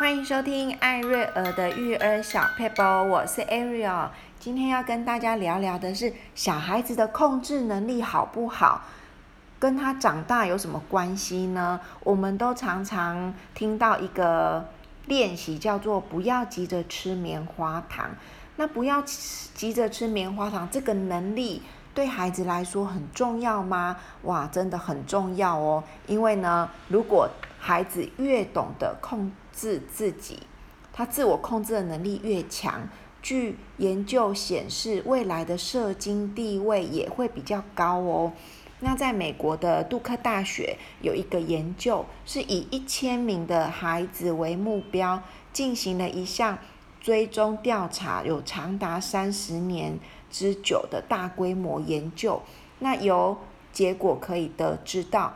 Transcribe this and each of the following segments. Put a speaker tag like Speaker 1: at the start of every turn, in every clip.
Speaker 1: 歡迎收聽艾瑞爾的育兒小撇步，我是艾瑞爾。今天要跟大家聊聊的是小孩子的控制能力好不好，跟他長大有什麼關係呢？我們都常常聽到一個練習叫做“不要急着吃棉花糖”。那不要急着吃棉花糖這個能力對孩子來說很重要嗎？哇，真的很重要哦！因為呢，如果孩子越懂得控制，自自己，他自我控制的能力越強，據研究顯示，未來的社經地位也會比較高哦。那在美國的杜克大學有一個研究，是以一千名的孩子為目標，進行了一項追蹤調查，有長達三十年之久的大規模研究。那由結果可以得知道。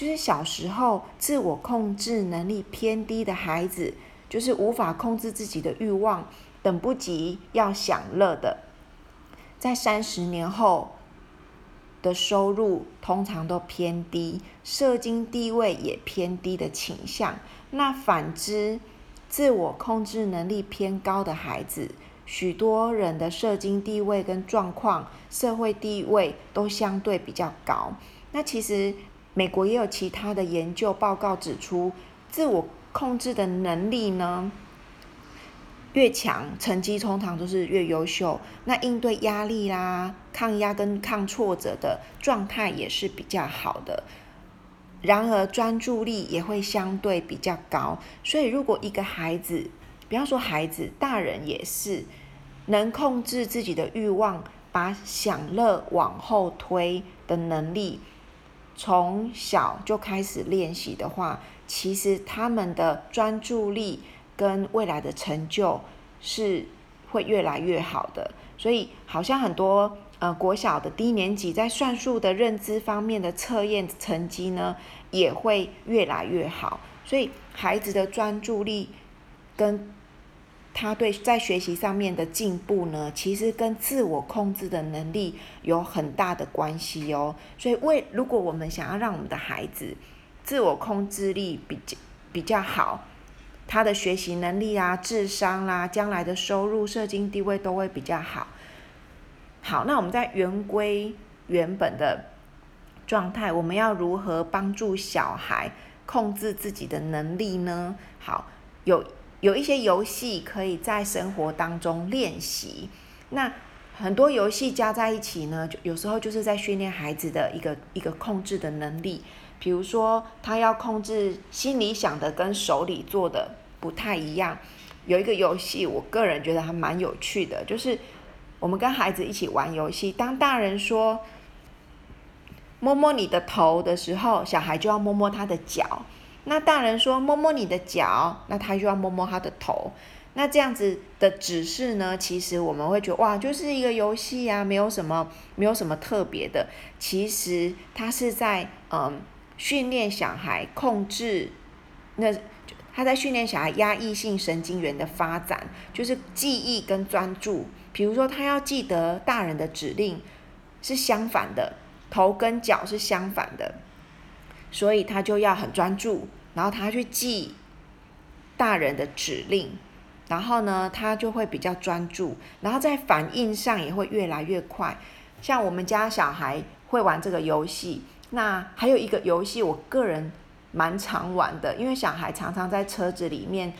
Speaker 1: 就是小時候自我控制能力偏低的孩子，就是無法控制自己的慾望，等不及要享樂的，在三十年後的收入通常都偏低，社經地位也偏低的傾向。那反之，自我控制能力偏高的孩子，許多人的社經地位跟狀況、社會地位都相對比較高。那其實，美國也有其他的研究報告指出，自我控制的能力呢越強，成績通常都是越優秀。那應對壓力啦、抗壓跟抗挫折的狀態也是比較好的，然而專注力也會相對比較高。所以，如果一個孩子，不要說孩子，大人也是能控制自己的慾望，把享樂往後推的能力。從小就開始練習的話，其實他們的專注力跟未來的成就是會越來越好的。所以，好像很多呃國小的低年級在算術的認知方面的測驗的成績呢，也會越來越好。所以，孩子的專注力跟。他對在學習上面的進步呢，其實跟自我控制的能力有很大的關係哦。所以為如果我們想要讓我們的孩子自我控制力比較比較好，他的學習能力啊、智商啦、啊、將來的收入、社經地位都會比較好。好，那我們在回歸原本的狀態，我們要如何幫助小孩控制自己的能力呢？好，有。有一些遊戲可以在生活當中練習，那很多遊戲加在一起呢，就有時候就是在訓練孩子的一個一個控制的能力。比如說，他要控制心裡想的跟手裡做的不太一樣。有一個遊戲，我個人覺得還蠻有趣的，就是我們跟孩子一起玩遊戲。當大人說“摸摸你的頭”的時候，小孩就要摸摸他的腳。那大人說，摸摸你的腳，那他就要摸摸他的頭。那這樣子的指示呢？其實我們會覺得哇，就是一個遊戲啊，沒有什麼，沒有什麼特別的。其實他是在嗯訓練小孩控制，那他在訓練小孩壓抑性神經元的發展，就是記憶跟專注。比如說他要記得大人的指令是相反的，頭跟腳是相反的，所以他就要很專注。然後他去記大人的指令，然後呢，他就會比較專注，然後在反應上也會越來越快。像我們家小孩會玩這個遊戲，那還有一個遊戲，我個人蠻常玩的，因為小孩常常在車子裡面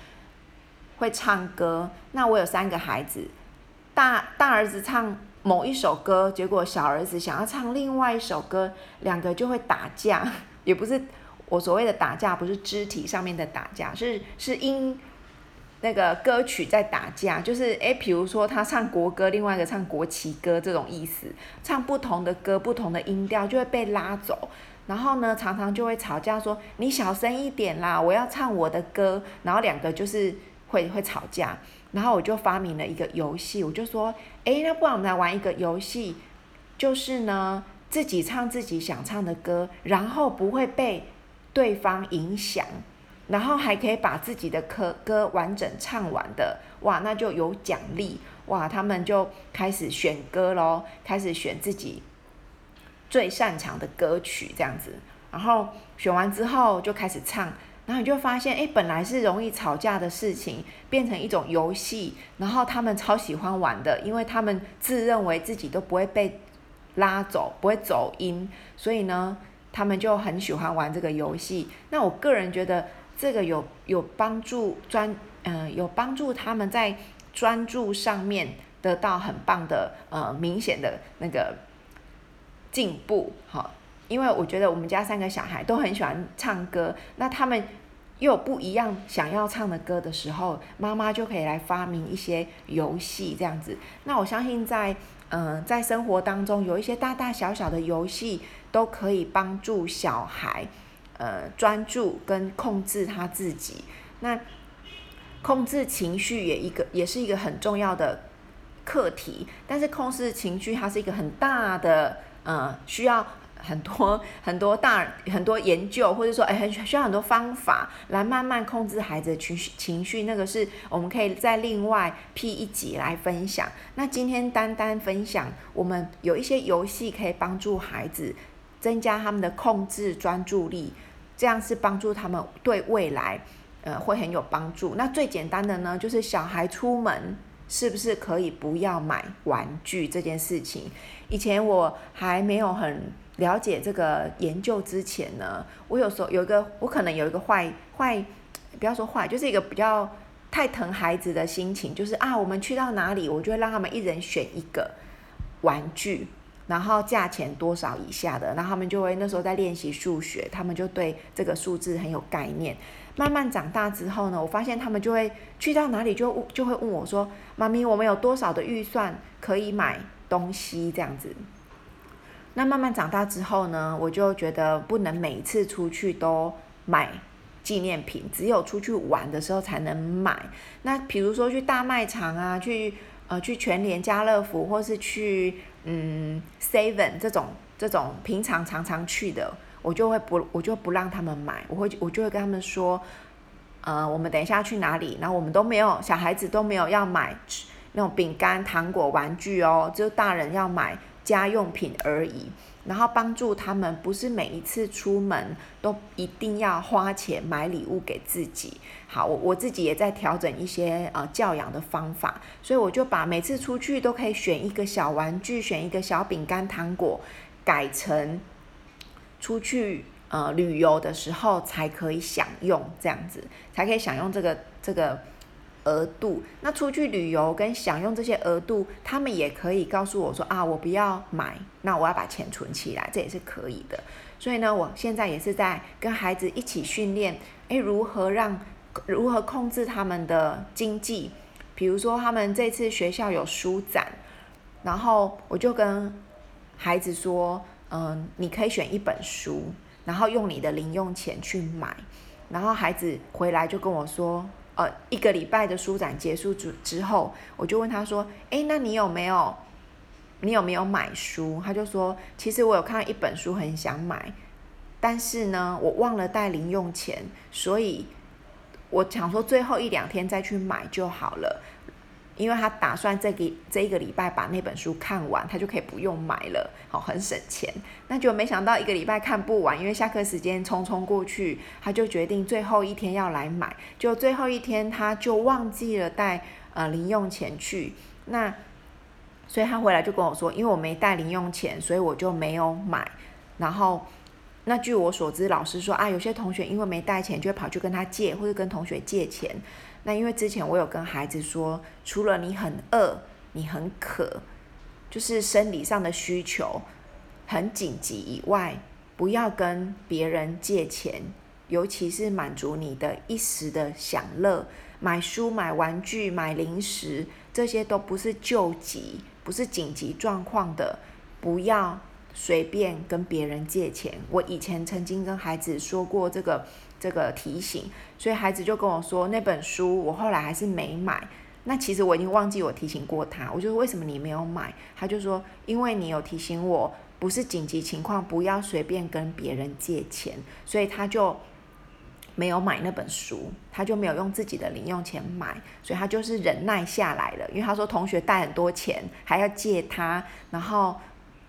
Speaker 1: 會唱歌。那我有三個孩子，大大兒子唱某一首歌，結果小兒子想要唱另外一首歌，兩個就會打架，也不是。我所謂的打架不是肢體上面的打架，是是因那個歌曲在打架，就是誒，比如說他唱國歌，另外一個唱國旗歌這種意思，唱不同的歌，不同的音調就會被拉走，然後呢，常常就會吵架，說你小聲一點啦，我要唱我的歌，然後兩個就是會會吵架，然後我就發明了一個遊戲，我就說，欸，那不然我們來玩一個遊戲，就是呢，自己唱自己想唱的歌，然後不會被。對方影響，然後還可以把自己的歌歌完整唱完的，哇，那就有獎勵，哇，他們就開始選歌嘍，開始選自己最擅長的歌曲這樣子，然後選完之後就開始唱，然後你就發現，誒，本來是容易吵架的事情，變成一種遊戲，然後他們超喜歡玩的，因為他們自認為自己都不會被拉走，不會走音，所以呢。他們就很喜歡玩這個遊戲。那我個人覺得，這個有有幫助專，嗯、呃，有幫助他們在專注上面得到很棒的呃明顯的那個進步。好、哦，因為我覺得我們家三個小孩都很喜歡唱歌。那他們又不一樣想要唱的歌的時候，媽媽就可以來發明一些遊戲這樣子。那我相信在。嗯、呃，在生活當中有一些大大小小的遊戲，都可以幫助小孩，呃，專注跟控制他自己。那控制情緒也一個，也是一個很重要的課題。但是控制情緒，它是一個很大的，呃，需要。很多很多大很多研究，或者說哎，很、欸、需要很多方法來慢慢控制孩子的情緒情緒。那個是我們可以在另外 P 一集來分享。那今天單單分享，我們有一些遊戲可以幫助孩子增加他們的控制專注力，這樣是幫助他們對未來呃，會很有幫助。那最簡單的呢，就是小孩出門。是不是可以不要買玩具這件事情？以前我還沒有很了解這個研究之前呢，我有時候有一個，我可能有一個壞壞，不要說壞，就是一個比較太疼孩子的心情，就是啊，我們去到哪裡，我就會讓他們一人選一個玩具。然後價錢多少以下的，然後他們就會那時候在練習數學，他們就對這個數字很有概念。慢慢長大之後呢，我發現他們就會去到哪裡就就會問我說：“媽咪，我們有多少的預算可以買東西？”這樣子。那慢慢長大之後呢，我就覺得不能每次出去都買紀念品，只有出去玩的時候才能買。那比如說去大賣場啊，去。呃，去全聯、家樂福，或是去嗯 Seven 這種、這種平常常常去的，我就會不，我就不讓他們買，我會我就會跟他們說，呃，我們等一下去哪裡，然後我們都沒有，小孩子都沒有要買那種餅乾、糖果、玩具哦，就是大人要買。家用品而已，然後幫助他們，不是每一次出門都一定要花錢買禮物給自己。好，我我自己也在調整一些呃教養的方法，所以我就把每次出去都可以選一個小玩具、選一個小餅乾、糖果，改成出去呃旅遊的時候才可以享用，這樣子才可以享用這個這個。額度，那出去旅遊跟享用這些額度，他們也可以告訴我說啊，我不要買，那我要把錢存起來，這也是可以的。所以呢，我現在也是在跟孩子一起訓練，誒，如何讓，如何控制他們的經濟。比如說他們這次學校有書展，然後我就跟孩子說，嗯，你可以選一本書，然後用你的零用錢去買，然後孩子回來就跟我說。呃，一個禮拜的書展結束之之後，我就問他說：“欸，那你有沒有，你有沒有買書？”他就說：“其實我有看到一本書很想買，但是呢，我忘了帶零用錢，所以我想說最後一兩天再去買就好了。”因為他打算這個這一個禮拜把那本書看完，他就可以不用買了，好，很省錢。那就沒想到一個禮拜看不完，因為下課時間匆匆過去，他就決定最後一天要來買。就最後一天，他就忘記了帶呃零用錢去。那所以，他回來就跟我說，因為我沒帶零用錢，所以我就沒有買。然後，那據我所知，老師說啊，有些同學因為沒帶錢，就會跑去跟他借，或者跟同學借錢。那因為之前我有跟孩子說，除了你很餓、你很渴，就是生理上的需求很緊急以外，不要跟別人借錢，尤其是滿足你的一時的享樂，買書、買玩具、買零食，這些都不是救急，不是緊急狀況的，不要。隨便跟別人借錢，我以前曾經跟孩子說過這個這個提醒，所以孩子就跟我說，那本書，我後來還是沒買。那其實我已經忘記我提醒過他，我就說，為什麼你沒有買？他就說，因為你有提醒我，不是緊急情況不要隨便跟別人借錢，所以他就沒有買那本書，他就沒有用自己的零用錢買，所以他就是忍耐下來了。因為他說同學帶很多錢還要借他，然後。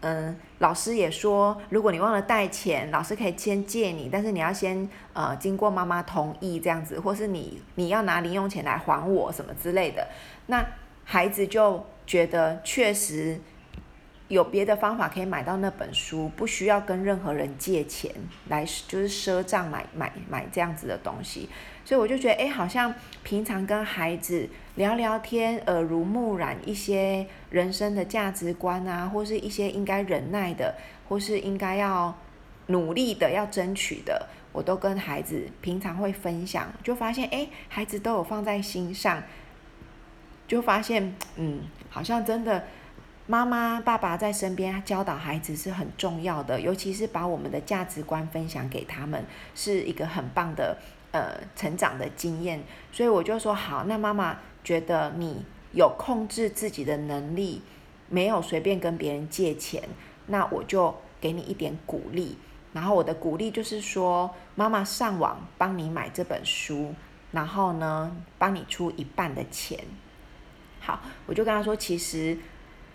Speaker 1: 嗯，老師也說，如果你忘了帶錢，老師可以先借你，但是你要先呃經過媽媽同意這樣子，或是你你要拿零用錢來還我什麼之類的。那孩子就覺得確實有別的方法可以買到那本書，不需要跟任何人借錢來就是賒賬買買買這樣子的東西。所以我就覺得，哎、欸，好像平常跟孩子聊聊天，耳濡目染一些人生的價值觀啊，或是一些應該忍耐的，或是應該要努力的、要爭取的，我都跟孩子平常會分享，就發現，哎、欸，孩子都有放在心上，就發現，嗯，好像真的，媽媽爸爸在身邊教導孩子是很重要的，尤其是把我們的價值觀分享給他們，是一個很棒的。呃，成長的經驗，所以我就說好。那媽媽覺得你有控制自己的能力，沒有隨便跟別人借錢，那我就給你一點鼓勵。然後我的鼓勵就是說，媽媽上網幫你買這本書，然後呢，幫你出一半的錢。好，我就跟他說，其實，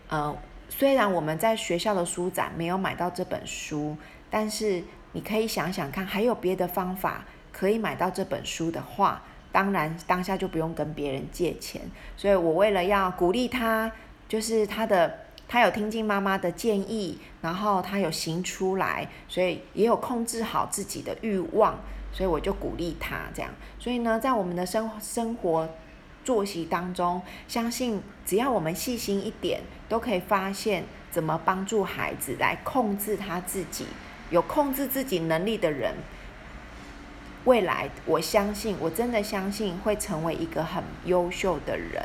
Speaker 1: 呃，雖然我們在學校的書展沒有買到這本書，但是你可以想想看，還有別的方法。可以買到這本書的話，當然當下就不用跟別人借錢。所以我為了要鼓勵他，就是他的他有聽進媽媽的建議，然後他有行出來，所以也有控制好自己的慾望，所以我就鼓勵他這樣。所以呢，在我們的生生活作息當中，相信只要我們細心一點，都可以發現怎麼幫助孩子來控制他自己，有控制自己能力的人。未來，我相信，我真的相信會成為一個很優秀的人。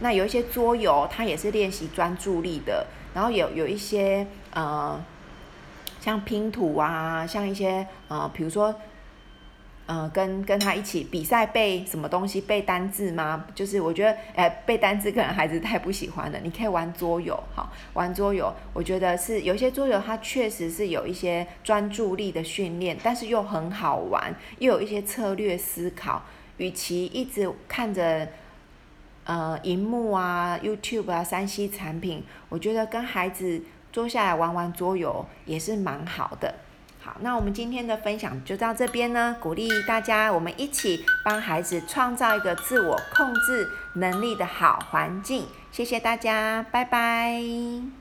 Speaker 1: 那有一些桌遊，它也是練習專注力的。然後有有一些呃，像拼圖啊，像一些呃，比如說。嗯，跟跟他一起比賽背什麼東西？背單字嗎？就是我覺得，哎、欸，背單字可能孩子太不喜歡了。你可以玩桌遊，好，玩桌遊，我覺得是有些桌遊它確實是有一些專注力的訓練，但是又很好玩，又有一些策略思考。與其一直看着，呃，熒幕啊、YouTube 啊、三 C 產品，我覺得跟孩子坐下來玩玩桌遊也是蠻好的。好，那我們今天的分享就到這邊呢。鼓勵大家，我們一起幫孩子創造一個自我控制能力的好環境。謝謝大家，拜拜。